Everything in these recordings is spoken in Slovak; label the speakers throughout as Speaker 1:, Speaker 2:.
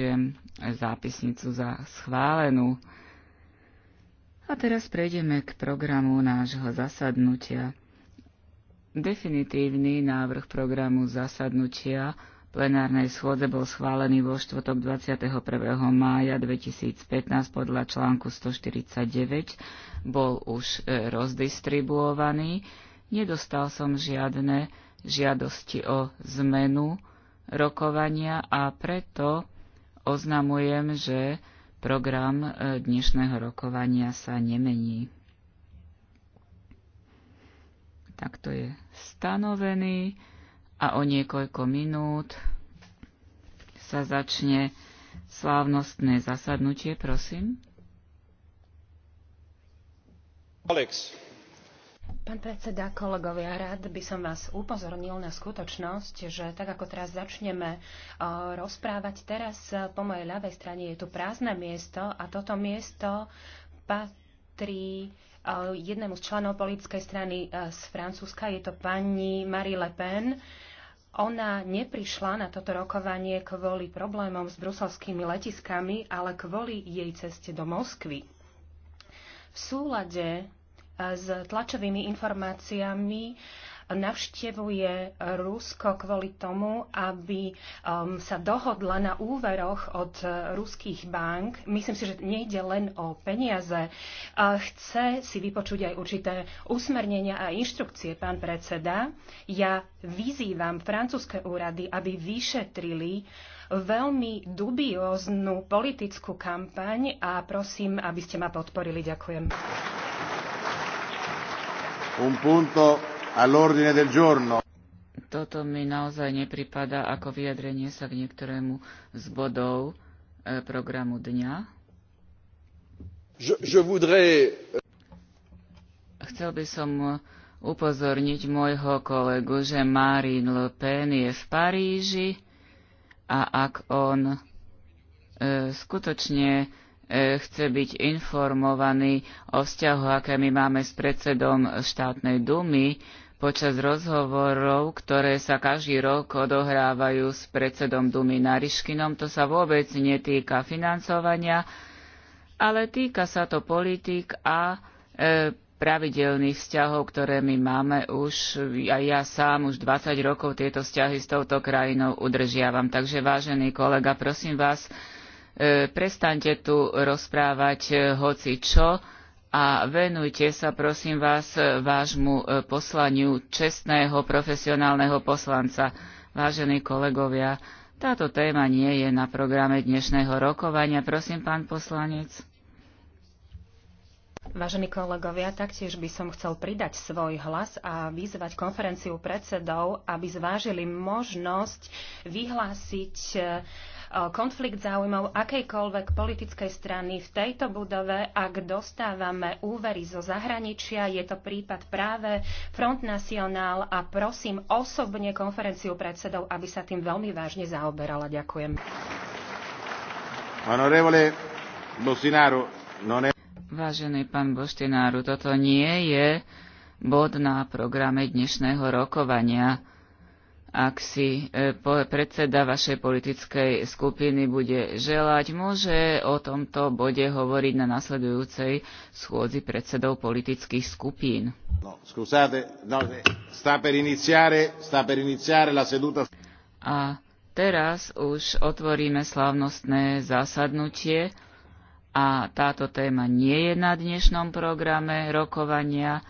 Speaker 1: Považujem zápisnicu za schválenú. A teraz prejdeme k programu nášho zasadnutia. Definitívny návrh programu zasadnutia plenárnej schôdze bol schválený vo štvrtok 21. mája 2015 podľa článku 149, bol už e, rozdistribuovaný. Nedostal som žiadne žiadosti o zmenu rokovania a preto oznamujem, že program e, dnešného rokovania sa nemení. Takto je stanovený a o niekoľko minút sa začne slávnostné zasadnutie, prosím.
Speaker 2: Alex. Pán predseda, kolegovia, rád by som vás upozornil na skutočnosť, že tak ako teraz začneme eh, rozprávať, teraz eh, po mojej ľavej strane je tu prázdne miesto a toto miesto patrí eh, jednému z členov politickej strany z Francúzska, je to pani Marie Le Pen. Ona neprišla na toto rokovanie kvôli problémom s bruselskými letiskami, ale kvôli jej ceste do Moskvy. V súlade s tlačovými informáciami navštevuje Rusko kvôli tomu, aby um, sa dohodla na úveroch od uh, ruských bank. Myslím si, že nejde len o peniaze. chce si vypočuť aj určité usmernenia a inštrukcie, pán predseda. Ja vyzývam francúzske úrady, aby vyšetrili veľmi dubióznu politickú kampaň a prosím, aby ste ma podporili. Ďakujem
Speaker 1: un punto all'ordine del giorno. Toto mi naozaj nepripada ako vyjadrenie sa k niektorému z bodov e, programu dňa. Je, je voudrais... E, Chcel by som upozorniť môjho kolegu, že Marine Le Pen je v Paríži a ak on e, skutočne E, chce byť informovaný o vzťahu, aké my máme s predsedom štátnej dumy počas rozhovorov, ktoré sa každý rok odohrávajú s predsedom dumy Nariškinom. To sa vôbec netýka financovania, ale týka sa to politik a e, pravidelných vzťahov, ktoré my máme už, a ja sám už 20 rokov tieto vzťahy s touto krajinou udržiavam. Takže, vážený kolega, prosím vás, E, prestante tu rozprávať e, hoci čo a venujte sa, prosím vás, e, vášmu poslaniu čestného profesionálneho poslanca. Vážení kolegovia, táto téma nie je na programe dnešného rokovania. Prosím, pán poslanec. Vážení
Speaker 2: kolegovia, taktiež by som chcel pridať svoj hlas a vyzvať konferenciu predsedov, aby zvážili možnosť vyhlásiť konflikt záujmov akejkoľvek politickej strany v tejto budove, ak dostávame úvery zo zahraničia, je to prípad práve Front National a prosím osobne konferenciu predsedov, aby sa tým veľmi vážne zaoberala. Ďakujem.
Speaker 1: Honorevole non è... Vážený pán Boštináru, toto nie je bod na programe dnešného rokovania. Ak si e, predseda vašej politickej skupiny bude želať, môže o tomto bode hovoriť na nasledujúcej schôdzi predsedov politických skupín. No, scusate, no, sta per iniziare, sta per iniziare la seduta. A teraz už otvoríme slávnostné zasadnutie a táto téma nie je na dnešnom programe rokovania.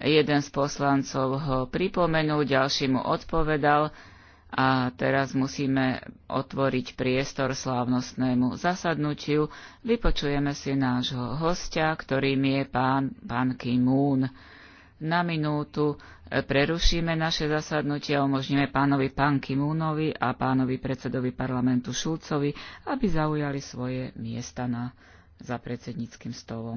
Speaker 1: Jeden z poslancov ho pripomenul, ďalší mu odpovedal a teraz musíme otvoriť priestor slávnostnému zasadnutiu. Vypočujeme si nášho hostia, ktorým je pán, pán Kim Moon. Na minútu prerušíme naše zasadnutie a umožníme pánovi pán Kimúnovi a pánovi predsedovi parlamentu Šulcovi, aby zaujali svoje miesta na, za predsedníckým stolom.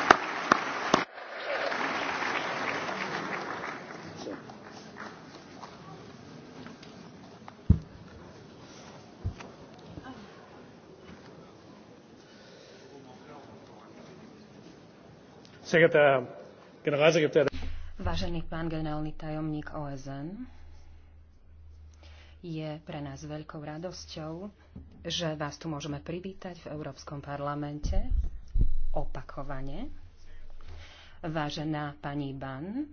Speaker 2: Vážený pán generálny tajomník OSN, je pre nás veľkou radosťou, že vás tu môžeme privítať v Európskom parlamente opakovane. Vážená pani Ban,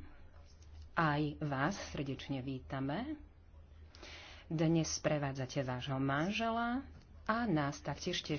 Speaker 2: aj vás srdečne vítame.
Speaker 1: Dnes sprevádzate vášho manžela a nás taktiež teší,